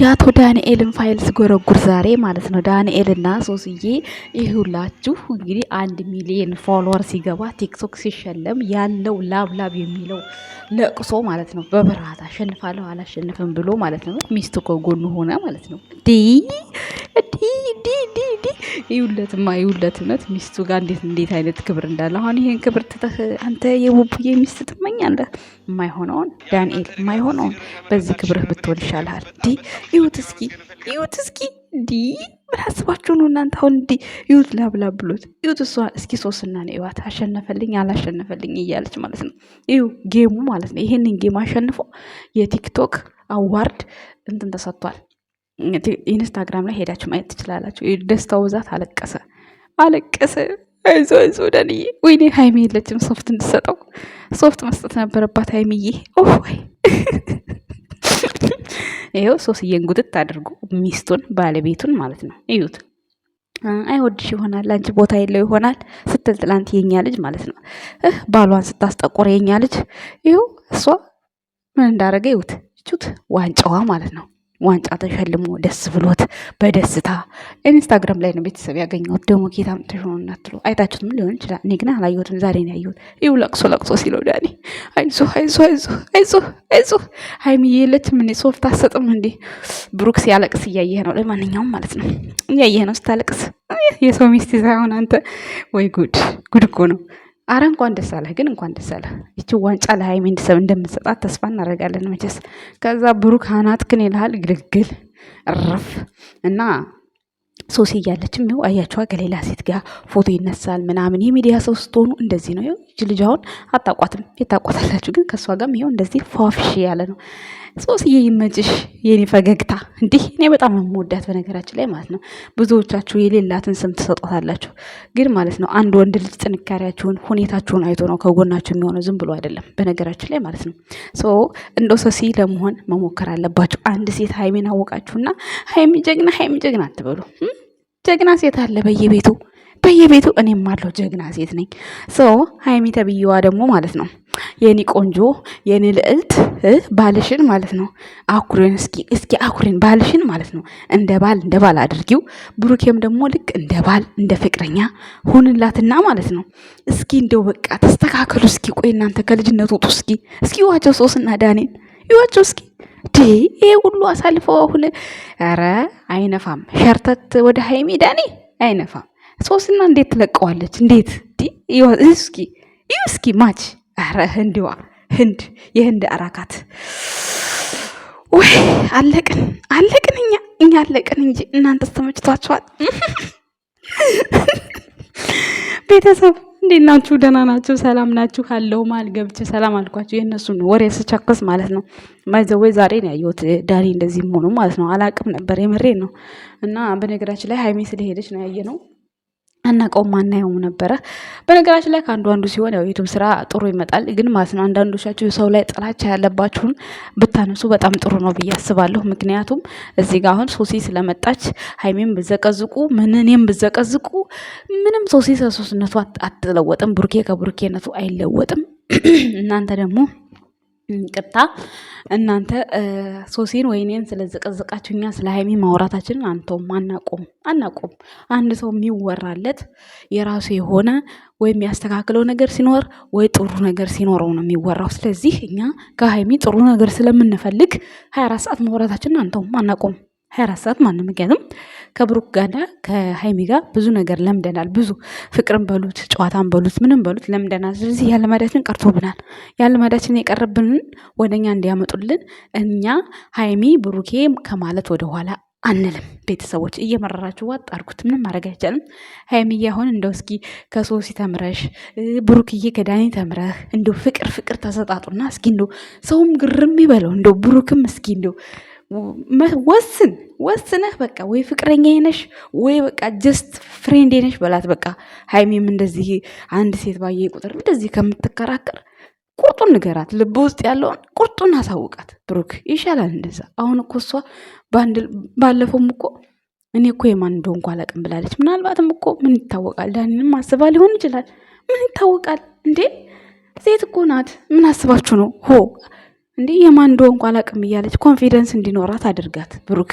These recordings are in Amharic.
የአቶ ዳንኤልን ፋይል ስጎረጉር ዛሬ ማለት ነው ዳንኤልና ሶስዬ ይሁላችሁ እንግዲህ አንድ ሚሊዮን ፎሎወር ሲገባ ቲክቶክ ሲሸለም ያለው ላብላብ የሚለው ለቅሶ ማለት ነው። በብርሃት አሸንፋለሁ አላሸንፍም ብሎ ማለት ነው። ሚስቱ ከጎኑ ሆነ ማለት ነው። ይውለትማ ይውለት እውነት ሚስቱ ጋር እንዴት እንዴት አይነት ክብር እንዳለ አሁን ይሄን ክብር ትተህ አንተ የቡቡዬ ሚስት ትመኛለህ። የማይሆነውን ዳንኤል የማይሆነውን በዚህ ክብርህ ብትወል ይሻልሃል። እንዲ ይሁት እስኪ ይሁት እስኪ እንዲ ምን አስባችሁ ነው እናንተ? አሁን እንዲ ይሁት ላብላ ብሎት ይሁት እሷ እስኪ ሶስና ነው ይዋት አሸነፈልኝ አላሸነፈልኝ እያለች ማለት ነው። ይሁ ጌሙ ማለት ነው። ይሄንን ጌም አሸንፎ የቲክቶክ አዋርድ እንትን ተሰጥቷል። ኢንስታግራም ላይ ሄዳችሁ ማየት ትችላላችሁ። ደስታው ብዛት አለቀሰ አለቀሰ። አይዞ አይዞ ዳንዬ። ወይኔ ሀይሚ የለችም ሶፍት እንድሰጠው ሶፍት መስጠት ነበረባት ሀይሚዬ። ኦይ ይኸው ሶስዬን ጉትት አድርጎ ሚስቱን ባለቤቱን ማለት ነው እዩት። አይወድሽ ይሆናል አንቺ ቦታ የለው ይሆናል ስትል ትላንት የኛ ልጅ ማለት ነው ባሏን ስታስጠቆር የኛ ልጅ ይኸው እሷ ምን እንዳደረገ ይዩት። እቹት ዋንጫዋ ማለት ነው ዋንጫ ተሸልሞ ደስ ብሎት በደስታ ኢንስታግራም ላይ ነው ቤተሰብ ያገኘሁት። ደግሞ ጌታ ምትሆኑ እናትሎ አይታችሁትም ሊሆን ይችላል። እኔ ግን አላየሁትም፣ ዛሬ ነው ያየሁት። ይኸው ለቅሶ ለቅሶ ሲለው ዳኒ አይዞህ አይዞህ አይዞህ አይዞህ አይዞህ ሀይሚዬ የለችም እንዴ ሶፍት አሰጥም እንዴ ብሩክ ሲያለቅስ እያየህ ነው። ለማንኛውም ማለት ነው እያየህ ነው ስታለቅስ፣ የሰው ሚስት ሳይሆን አንተ። ወይ ጉድ ጉድ እኮ ነው። አረ እንኳን ደስ አለህ ግን እንኳን ደስ አለህ። ይቺ ዋንጫ ለሃይሚ እንድሰብ እንደምትሰጣት ተስፋ እናደርጋለን መቼስ። ከዛ ብሩክ አናትክን ይልሃል ግልግል ረፍ እና ሶሲ እያለችም ይኸው አያቸዋ ከሌላ ሴት ጋር ፎቶ ይነሳል ምናምን። የሚዲያ ሰው ስትሆኑ እንደዚህ ነው። ይኸው እጅ ልጅ አሁን አታቋትም፣ የታቋታላችሁ ግን ከእሷ ጋርም ይኸው እንደዚህ ፏፍሽ ያለ ነው። ሶስዬ ይመጭሽ፣ የኔ ፈገግታ። እንዲህ እኔ በጣም የምወዳት በነገራችን ላይ ማለት ነው። ብዙዎቻችሁ የሌላትን ስም ትሰጧታላችሁ፣ ግን ማለት ነው አንድ ወንድ ልጅ ጥንካሬያችሁን፣ ሁኔታችሁን አይቶ ነው ከጎናችሁ የሚሆነው፣ ዝም ብሎ አይደለም በነገራችን ላይ ማለት ነው። እንደ ሶሲ ለመሆን መሞከር አለባችሁ። አንድ ሴት ሀይሜን አወቃችሁና ሀይሚ ጀግና፣ ሀይሚ ጀግና አትበሉ። ጀግና ሴት አለ በየቤቱ በየቤቱ እኔም አለው ጀግና ሴት ነኝ። ሶ ሀይሚ ተብዬዋ ደግሞ ማለት ነው የኔ ቆንጆ የኔ ልዕልት ባልሽን ማለት ነው አኩሬን እስኪ እስኪ አኩሬን ባልሽን ማለት ነው እንደ ባል እንደ ባል አድርጊው። ብሩኬም ደግሞ ልክ እንደ ባል እንደ ፍቅረኛ ሁንላትና ማለት ነው እስኪ እንደው በቃ ተስተካከሉ። እስኪ ቆይ እናንተ ከልጅነት ውጡ። እስኪ እስኪ ዋቸው ሶስና ዳኔን ይወጩ እስኪ ዲ ይሄ ሁሉ አሳልፎ አሁን ኧረ አይነፋም። ሸርተት ወደ ሀይሚ ዳኔ አይነፋም። ሶስና እንዴት ትለቀዋለች? እንዴት እስኪ ይህ እስኪ ማች ኧረ ህንድዋ ህንድ የህንድ አራካት ወይ አለቅን አለቅን እኛ እኛ አለቅን እንጂ እናንተስ ተመችቷችኋል ቤተሰብ? እንዴት ናችሁ? ደህና ናችሁ? ሰላም ናችሁ? ካለው ማል ገብቼ ሰላም አልኳችሁ። የእነሱን ወሬ ስቸክስ ማለት ነው። ማይዘወይ ዛሬ ነው ያየሁት ዳኒ እንደዚህ መሆኑ ማለት ነው። አላቅም ነበር የምሬ ነው። እና በነገራችን ላይ ሀይሜ ስለሄደች ነው ያየ ነው። አናቀውም አናየውም ነበረ። በነገራችን ላይ ከአንዱ አንዱ ሲሆን ያው የዩቱብ ስራ ጥሩ ይመጣል። ግን ማለት ነው አንዳንዶቻችሁ ሰው ላይ ጥላቻ ያለባችሁን ብታነሱ በጣም ጥሩ ነው ብዬ አስባለሁ። ምክንያቱም እዚህ ጋር አሁን ሶሲ ስለመጣች ሀይሜም ብዘቀዝቁ ምን እኔም ብዘቀዝቁ ምንም ሶሲ ሰሶስነቱ አትለወጥም። ቡርኬ ከቡርኬነቱ አይለወጥም። እናንተ ደግሞ ቅጣ እናንተ ሶሲን ወይኔን ስለዘቀዘቃችሁ እኛ ስለ ሀይሚ ማውራታችንን አንተውም አናቆም አናቆም። አንድ ሰው የሚወራለት የራሱ የሆነ ወይም ያስተካክለው ነገር ሲኖር ወይ ጥሩ ነገር ሲኖረው ነው የሚወራው። ስለዚህ እኛ ከሀይሚ ጥሩ ነገር ስለምንፈልግ ሀያ አራት ሰዓት ማውራታችንን አንተውም አናቆም። ሀያ አራት ሰዓት ማንም። ምክንያቱም ከብሩክ ጋና ከሀይሚ ጋር ብዙ ነገር ለምደናል። ብዙ ፍቅርን በሉት ጨዋታን በሉት ምንም በሉት ለምደናል። ስለዚህ ያለማዳችን ቀርቶብናል። ያለማዳችን የቀረብንን ወደኛ እንዲያመጡልን እኛ ሀይሚ ብሩኬ ከማለት ወደኋላ አንልም። ቤተሰቦች እየመረራችሁ ዋጥ አድርጉት። ምንም ማድረግ አይቻልም። ሀይሚዬ አሁን እንደው እስኪ ከሶሲ ተምረሽ ብሩክዬ ከዳኒ ተምረህ እንደው ፍቅር ፍቅር ተሰጣጡና እስኪ እንደው ሰውም ግርም ይበለው እንደው ብሩክም እስኪ እንደው ወስን ወስነህ በቃ ወይ ፍቅረኛ ነሽ ወይ በቃ ጀስት ፍሬንድ ነሽ በላት። በቃ ሀይሚም እንደዚህ አንድ ሴት ባየ ቁጥር እንደዚህ ከምትከራከር ቁርጡን ንገራት፣ ልብ ውስጥ ያለውን ቁርጡን አሳውቃት። ብሩክ ይሻላል እንደዛ። አሁን እኮ እሷ ባለፈውም እኮ እኔ እኮ የማን እንደሆን እንኳ አላቅም ብላለች። ምናልባትም እኮ ምን ይታወቃል፣ ዳኒንም አስባ ሊሆን ይችላል። ምን ይታወቃል እንዴ? ሴት እኮ ናት። ምን አስባችሁ ነው ሆ እንዴ የማን እንደሆነ አላቅም እያለች ኮንፊደንስ እንዲኖራት አድርጋት። ብሩክ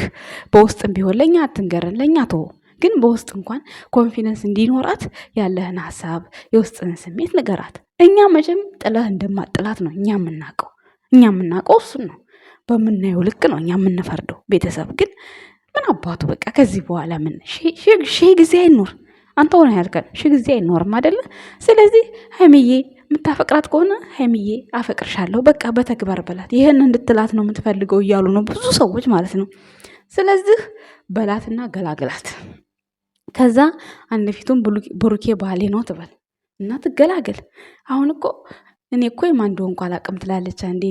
በውስጥም ቢሆን ለእኛ አትንገረን፣ ለእኛ ተወው፣ ግን በውስጥ እንኳን ኮንፊደንስ እንዲኖራት ያለህን ሀሳብ የውስጥን ስሜት ንገራት። እኛ መቼም ጥለህ እንደማጥላት ነው እኛ የምናውቀው እኛ የምናውቀው እሱን ነው። በምናየው ልክ ነው እኛ የምንፈርደው። ቤተሰብ ግን ምን አባቱ በቃ ከዚህ በኋላ ምን ሺህ ጊዜ አይኖር አንተ ሆነ ያልከን ሺህ ጊዜ አይኖርም አይደለ? ስለዚህ ሀይሚዬ የምታፈቅራት ከሆነ ሀይሚዬ አፈቅርሻለሁ በቃ በተግባር በላት፣ ይህን እንድትላት ነው የምትፈልገው እያሉ ነው ብዙ ሰዎች ማለት ነው። ስለዚህ በላትና ገላግላት። ከዛ አንድ ፊቱን ብሩኬ ባህሌ ነው ትበል እና ትገላገል። አሁን እኮ እኔ እኮ የማን እንደሆንኩ አላቅም ትላለች፣ አንዴ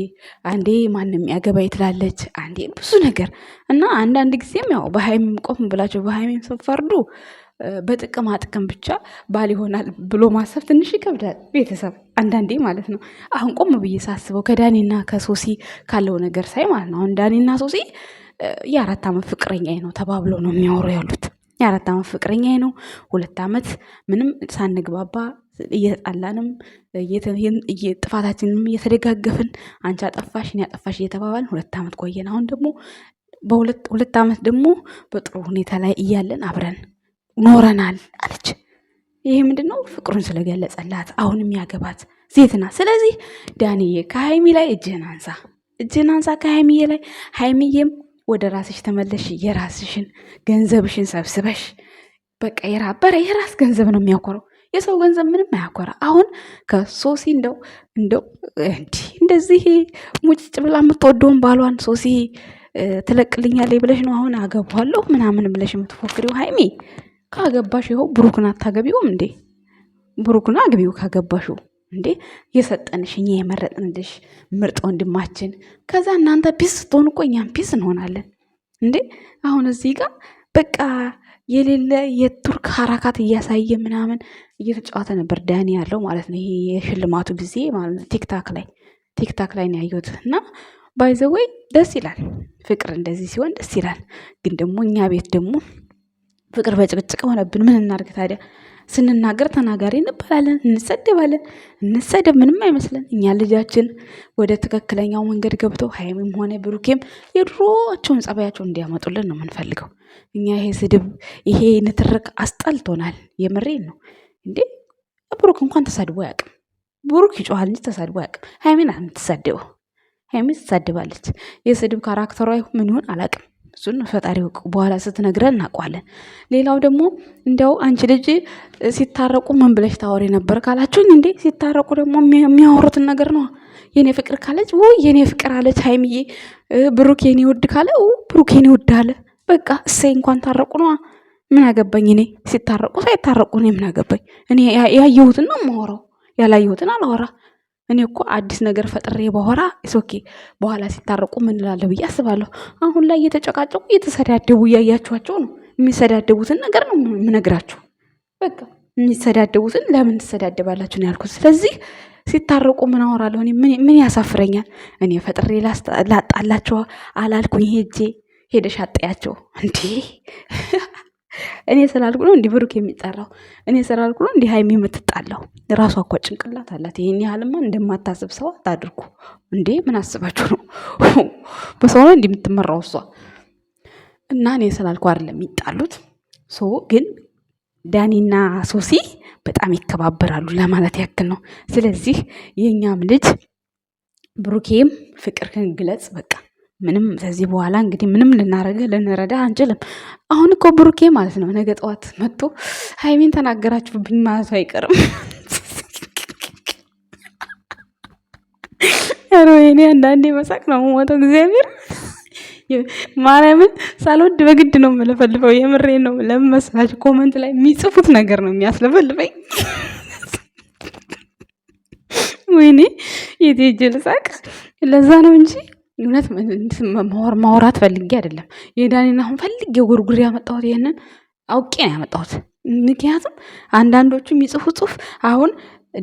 አንዴ ማንም ያገባይ ትላለች፣ አንዴ ብዙ ነገር እና አንዳንድ ጊዜም ያው በሀይሚም ቆም ብላቸው በሀይሚም ስትፈርዱ በጥቅማ ጥቅም ብቻ ባል ይሆናል ብሎ ማሰብ ትንሽ ይከብዳል። ቤተሰብ አንዳንዴ ማለት ነው። አሁን ቆም ብዬ ሳስበው ከዳኒና ከሶሲ ካለው ነገር ሳይ ማለት ነው። አሁን ዳኒና ሶሲ የአራት ዓመት ፍቅረኛ ነው ተባብሎ ነው የሚያወሩ ያሉት። የአራት ዓመት ፍቅረኛ ነው ሁለት ዓመት ምንም ሳንግባባ እየተጣላንም ጥፋታችንንም እየተደጋገፍን አንቺ አጠፋሽ እኔ አጠፋሽ እየተባባልን ሁለት ዓመት ቆየን። አሁን ደግሞ በሁለት ዓመት ደግሞ በጥሩ ሁኔታ ላይ እያለን አብረን ኖረናል አለች። ይሄ ምንድን ነው? ፍቅሩን ስለገለጸላት አሁንም ያገባት ሴት ስለዚህ ዳንዬ ከሀይሚ ላይ እጅህን አንሳ፣ እጅህን አንሳ ከሀይሚዬ ላይ። ሀይሚዬም ወደ ራስሽ ተመለሽ። የራስሽን ገንዘብሽን ሰብስበሽ በቃ የራበረ የራስ ገንዘብ ነው የሚያኮረው። የሰው ገንዘብ ምንም አያኮራ። አሁን ከሶሲ እንደው እንደው እንዲ እንደዚህ ሙጭጭ ብላ የምትወደውን ባሏን ሶሲ ትለቅልኛለች ብለሽ ነው አሁን አገቧለሁ ምናምን ብለሽ የምትፎክሪው ሀይሚ ካገባሽ ይኸው ብሩክን አታገቢውም እንዴ? ብሩክን አግቢው ካገባሽው እንዴ የሰጠንሽ እኛ የመረጥንልሽ ምርጥ ወንድማችን። ከዛ እናንተ ፒስ ስትሆን እኮ እኛም ፒስ እንሆናለን እንዴ። አሁን እዚህ ጋር በቃ የሌለ የቱርክ ሀራካት እያሳየ ምናምን እየተጫወተ ነበር ዳኒ ያለው ማለት ነው። ይሄ የሽልማቱ ጊዜ ማለት ነው። ቲክታክ ላይ ቲክታክ ላይ ነው ያየሁት። እና ባይዘወይ ደስ ይላል፣ ፍቅር እንደዚህ ሲሆን ደስ ይላል። ግን ደግሞ እኛ ቤት ደግሞ ፍቅር በጭቅጭቅ ሆነብን። ምን እናርግ ታዲያ? ስንናገር ተናጋሪ እንባላለን፣ እንሰደባለን። እንሰደብ ምንም አይመስለን። እኛ ልጃችን ወደ ትክክለኛው መንገድ ገብተው ሀይሚም ሆነ ብሩኬም የድሮቸውን ጸባያቸው እንዲያመጡልን ነው የምንፈልገው። እኛ ይሄ ስድብ፣ ይሄ ንትርክ አስጠልቶናል። የምሬን ነው እንዴ። ብሩክ እንኳን ተሳድቦ አያውቅም። ብሩክ ይጮሃል እንጂ ተሳድቦ አያውቅም። ሀይሚን የምትሳደበው ሀይሚ ትሳድባለች። የስድብ ካራክተሯ ይሁን አላውቅም። እሱን ፈጣሪ በኋላ ስትነግረን እናውቋለን። ሌላው ደግሞ እንዲያው አንቺ ልጅ ሲታረቁ ምን ብለሽ ታወሪ ነበር ካላችሁኝ፣ እንዴ ሲታረቁ ደግሞ የሚያወሩትን ነገር ነው። የኔ ፍቅር ካለች ው የኔ ፍቅር አለች ሀይምዬ፣ ብሩክ የኔ ውድ ካለ ው ብሩክ የኔ ውድ አለ። በቃ እሰይ እንኳን ታረቁ ነዋ። ምን አገባኝ እኔ ሲታረቁ ሳይታረቁ እኔ ምን አገባኝ? እኔ ያየሁትን ነው የማወራው፣ ያላየሁትን አላወራ እኔ እኮ አዲስ ነገር ፈጥሬ በኋላ ኢሶኬ በኋላ ሲታረቁ ምን እላለሁ ብዬ አስባለሁ። አሁን ላይ እየተጨቃጨቁ እየተሰዳደቡ እያያችኋቸው ነው። የሚሰዳደቡትን ነገር ነው የምነግራችሁ። በቃ የሚሰዳደቡትን ለምን ትሰዳደባላችሁ ነው ያልኩት። ስለዚህ ሲታረቁ ምን አወራለሁ? ምን ያሳፍረኛል? እኔ ፈጥሬ ላጣላቸው አላልኩኝ። ሄጄ ሄደሽ አጠያቸው እንዴ እኔ ስላልኩ ነው እንዲህ ብሩክ የሚጠራው፣ እኔ ስላልኩ ነው እንዲህ ሀይሚ የምትጣለው። ራሷ እኮ ጭንቅላት አላት። ይህን ያህልማ እንደማታስብ ሰው አታድርጉ እንዴ! ምን አስባችሁ ነው? በሰው ነው እንዲህ የምትመራው እሷ። እና እኔ ስላልኩ አይደለም የሚጣሉት ሶ ግን ዳኒና ሶሲ በጣም ይከባበራሉ ለማለት ያክል ነው። ስለዚህ የእኛም ልጅ ብሩኬም ፍቅርህን ግለጽ በቃ። ምንም ከዚህ በኋላ እንግዲህ ምንም ልናረግህ ልንረዳ አንችልም። አሁን እኮ ብሩኬ ማለት ነው ነገ ጠዋት መጥቶ ሀይሜን ተናገራችሁብኝ ማለቱ አይቀርም። ኧረ ወይኔ አንዳንዴ መሳቅ ነው የምሞተው። እግዚአብሔር ማርያምን ሳልወድ በግድ ነው የምለፈልፈው። የምሬ ነው። ለምን መሰላችሁ? ኮመንት ላይ የሚጽፉት ነገር ነው የሚያስለፈልፈኝ። ወይኔ የቴጀ ልሳቅ። ለዛ ነው እንጂ እውነት ማውራት ፈልጌ አይደለም። የዳኒን አሁን ፈልጌ ጉርጉር ያመጣሁት ይህንን አውቄ ነው ያመጣሁት። ምክንያቱም አንዳንዶቹ የሚጽፉ ጽሁፍ አሁን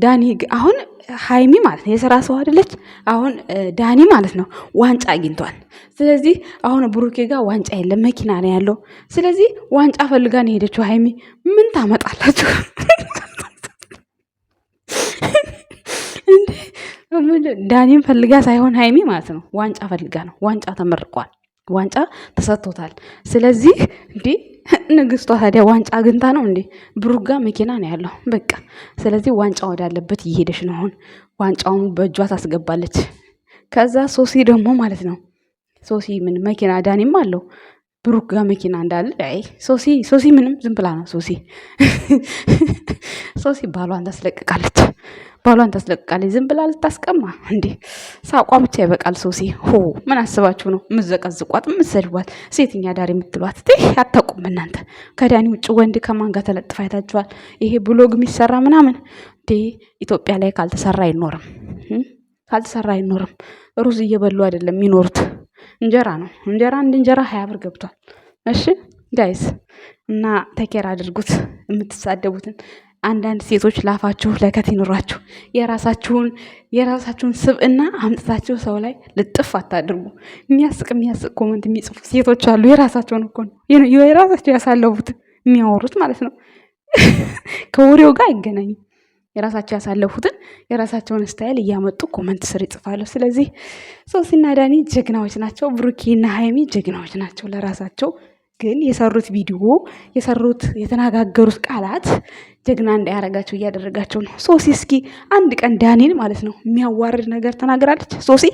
ዳኒ አሁን ሀይሚ ማለት ነው የስራ ሰው አይደለች። አሁን ዳኒ ማለት ነው ዋንጫ አግኝቷል። ስለዚህ አሁን ብሩኬ ጋር ዋንጫ የለም መኪና ነው ያለው። ስለዚህ ዋንጫ ፈልጋ ነው የሄደችው። ሀይሚ ምን ታመጣላችሁ? ዳኒን ፈልጋ ሳይሆን ሀይሚ ማለት ነው። ዋንጫ ፈልጋ ነው። ዋንጫ ተመርቋል። ዋንጫ ተሰጥቶታል። ስለዚህ እንዴ ንግስቷ ታዲያ ዋንጫ አግኝታ ነው እንዴ? ብሩጋ መኪና ነው ያለው በቃ። ስለዚህ ዋንጫ ወዳለበት እየሄደች ነው አሁን። ዋንጫውን በእጇ ታስገባለች። ከዛ ሶሲ ደግሞ ማለት ነው ሶሲ ምን መኪና ዳኒም አለው ብሩክ ጋር መኪና እንዳለ አይ ሶሲ ሶሲ ምንም ዝም ብላ ነው ሶሲ ሶሲ ባሏን ታስለቅቃለች። ባሏን ታስለቅቃለች። ዝም ብላ ልታስቀማ እንዴ! ሳቋ ብቻ ይበቃል። ሶሲ ሆ ምን አስባችሁ ነው ምዘቀዝቋት፣ ምሰድቧት፣ ሴትኛ ዳር የምትሏት ት አታውቁም እናንተ። ከዳኒ ውጭ ወንድ ከማን ጋር ተለጥፋ አይታችኋል? ይሄ ብሎግ የሚሰራ ምናምን እንዴ? ኢትዮጵያ ላይ ካልተሰራ አይኖርም፣ ካልተሰራ አይኖርም። ሩዝ እየበሉ አይደለም የሚኖሩት፣ እንጀራ ነው እንጀራ። አንድ እንጀራ ሀያ ብር ገብቷል። እሺ ጋይስ እና ተኬር አድርጉት የምትሳደቡትን አንዳንድ ሴቶች ላፋችሁ ለከት ይኑራችሁ። የራሳችሁን የራሳችሁን ስብዕና አምጥታችሁ ሰው ላይ ልጥፍ አታድርጉ። የሚያስቅ የሚያስቅ ኮመንት የሚጽፉ ሴቶች አሉ። የራሳቸውን እኮ ነው የራሳቸው ያሳለፉት የሚያወሩት ማለት ነው። ከወሬው ጋር አይገናኝም። የራሳቸው ያሳለፉትን የራሳቸውን ስታይል እያመጡ ኮመንት ስር ይጽፋሉ። ስለዚህ ሶሲና ዳኒ ጀግናዎች ናቸው። ብሩኪና ሀይሚ ጀግናዎች ናቸው ለራሳቸው ግን የሰሩት ቪዲዮ የሰሩት የተነጋገሩት ቃላት ጀግና እንዳያረጋቸው እያደረጋቸው ነው። ሶሲ እስኪ አንድ ቀን ዳኒን ማለት ነው የሚያዋርድ ነገር ተናግራለች። ሶሲ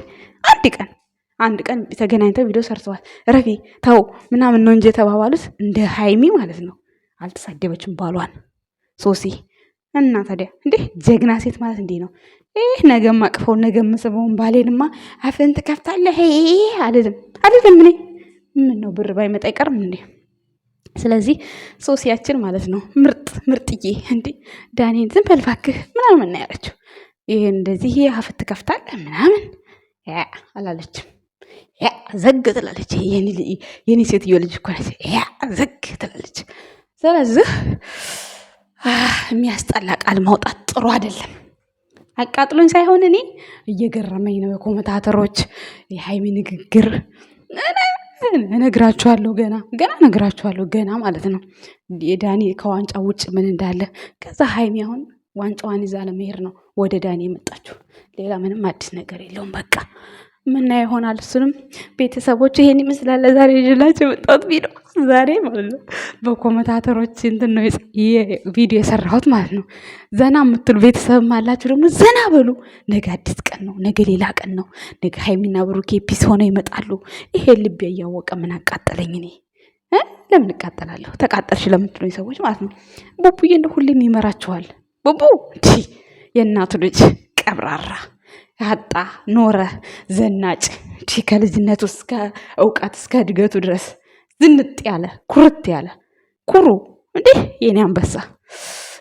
አንድ ቀን አንድ ቀን ተገናኝተው ቪዲዮ ሰርተዋል። ረፊ ተው ምናምን ነው እንጂ የተባባሉት እንደ ሀይሚ ማለት ነው አልተሳደበችም ባሏን ሶሲ እና ታዲያ እንዴ ጀግና ሴት ማለት እንዲህ ነው። ይህ ነገም አቅፈው ነገም ስበውን ባሌንማ አፍን ትከፍታለህ አልልም አልልም እኔ ምን ነው ብር ባይመጣ አይቀርም እንዴ? ስለዚህ ሶሲያችን ማለት ነው ምርጥ ምርጥዬ እንዴ ዳኒን ዝም በል እባክህ ምናምን ና ያለችው። ይህ እንደዚህ ይሄ አፍት ትከፍታለህ ምናምን ያ አላለችም። ያ ዘግ ትላለች። የኔ ሴትዮ ልጅ እኮ ነች። ያ ዘግ ትላለች። ስለዚህ የሚያስጠላ ቃል ማውጣት ጥሩ አይደለም። አቃጥሎኝ ሳይሆን እኔ እየገረመኝ ነው የኮመታተሮች የሀይሚ ንግግር እነግራችኋለሁ ገና ገና እነግራችኋለሁ ገና ማለት ነው። የዳኒ ከዋንጫ ውጭ ምን እንዳለ ከዛ ሀይሚ አሁን ዋንጫዋን ይዛ ለመሄድ ነው ወደ ዳኒ የመጣችሁ። ሌላ ምንም አዲስ ነገር የለውም በቃ ምና ይሆናል። እሱንም ቤተሰቦች ይሄን ይመስላል ዛሬ ይዤላችሁ የመጣሁት ቪዲዮ ዛሬ ማለት ነው። በኮመታተሮች እንትን ነው ቪዲዮ የሰራሁት ማለት ነው። ዘና የምትሉ ቤተሰብ አላችሁ ደግሞ ዘና በሉ። ነገ አዲስ ቀን ነው፣ ነገ ሌላ ቀን ነው። ነገ ሀይሚና ብሩኬ ፒስ ሆነው ይመጣሉ። ይሄ ልቤ እያወቀ ምን አቃጠለኝ እኔ ለምን እቃጠላለሁ? ተቃጠልሽ ለምትሉ ሰዎች ማለት ነው። ቡቡዬ እንደ ሁሌም ይመራችኋል። ቡቡ የእናቱ ልጅ ቀብራራ አጣ ኖረ ዘናጭ ከልጅነቱ እስከ እውቀት እስከ እድገቱ ድረስ ዝንጥ ያለ ኩርት ያለ ኩሩ እንዴ የኔ አንበሳ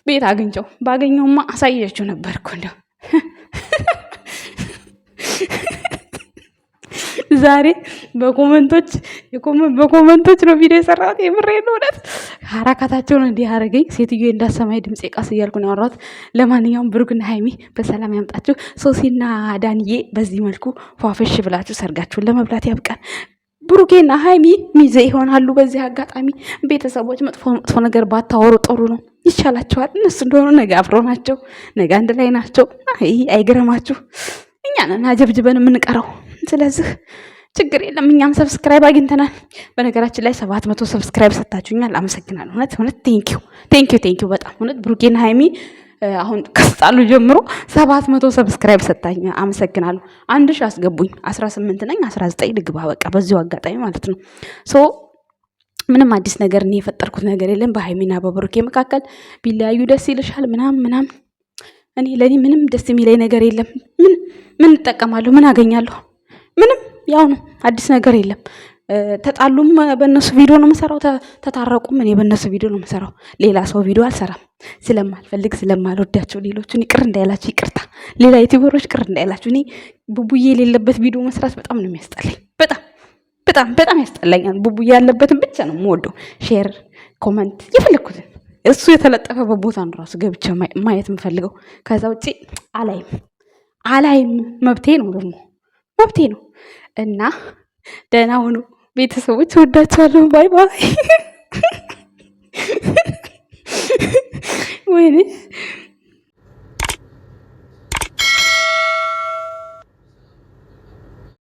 ቤት አግኝቸው ባገኘውማ አሳየችው ነበርኩ እንደው ዛሬ በኮመንቶች በኮመንቶች ነው ቪዲዮ የሰራት የምሬን እውነት ሀራካታቸውን እንዲህ አረገኝ። ሴትዮ እንዳሰማይ ድምፅ ቃስ እያልኩ ነው ያወራሁት። ለማንኛውም ብሩክና ሀይሚ በሰላም ያምጣችሁ። ሶሲና ዳንዬ በዚህ መልኩ ፏፈሽ ብላችሁ ሰርጋችሁን ለመብላት ያብቃል። ብሩኬና ሀይሚ ሚዜ ይሆናሉ። በዚህ አጋጣሚ ቤተሰቦች መጥፎ መጥፎ ነገር ባታወሩ ጥሩ ነው፣ ይቻላቸዋል። እነሱ እንደሆኑ ነገ አብሮ ናቸው፣ ነገ አንድ ላይ ናቸው። አይገረማችሁ፣ እኛ ነን አጀብጅበን የምንቀረው። ስለዚህ ችግር የለም እኛም ሰብስክራይብ አግኝተናል። በነገራችን ላይ ሰባት መቶ ሰብስክራይብ ሰታችሁኛል፣ አመሰግናለሁ። እውነት እውነት ቴንኪው ቴንኪው ቴንኪው በጣም እውነት ብሩኬን ሀይሚ አሁን ከስጣሉ ጀምሮ ሰባት መቶ ሰብስክራይብ ሰታኝ አመሰግናለሁ። አንድ ሺ አስገቡኝ። አስራ ስምንት ነኝ አስራ ዘጠኝ ልግባ። በቃ በዚሁ አጋጣሚ ማለት ነው ሶ ምንም አዲስ ነገር እኔ የፈጠርኩት ነገር የለም። በሀይሚና በብሩኬ መካከል ቢለያዩ ደስ ይልሻል ምናም ምናም። እኔ ለእኔ ምንም ደስ የሚለኝ ነገር የለም። ምን ምን እጠቀማለሁ? ምን አገኛለሁ? ምንም ያው ነው፣ አዲስ ነገር የለም። ተጣሉም በእነሱ ቪዲዮ ነው የምሰራው፣ ተታረቁም እኔ በእነሱ ቪዲዮ ነው የምሰራው። ሌላ ሰው ቪዲዮ አልሰራም፣ ስለማልፈልግ ስለማልወዳቸው። ሌሎቹን ይቅር እንዳይላችሁ ይቅርታ፣ ሌላ ዩቲዩበሮች ቅር እንዳይላችሁ። እኔ ቡቡዬ የሌለበት ቪዲዮ መስራት በጣም ነው የሚያስጠላኝ፣ በጣም በጣም በጣም ያስጠላኛል። ቡቡዬ ያለበትን ብቻ ነው የምወደው። ሼር፣ ኮመንት የፈለግኩትን እሱ የተለጠፈበት ቦታ ነው ራሱ ገብቼ ማየት የምፈልገው። ከዛ ውጭ አላይም አላይም። መብቴ ነው ደግሞ መብቴ ነው። እና ደህና ሁኑ ቤተሰቦች፣ ወዳችኋለሁ። ባይ ባይ። ወይኔ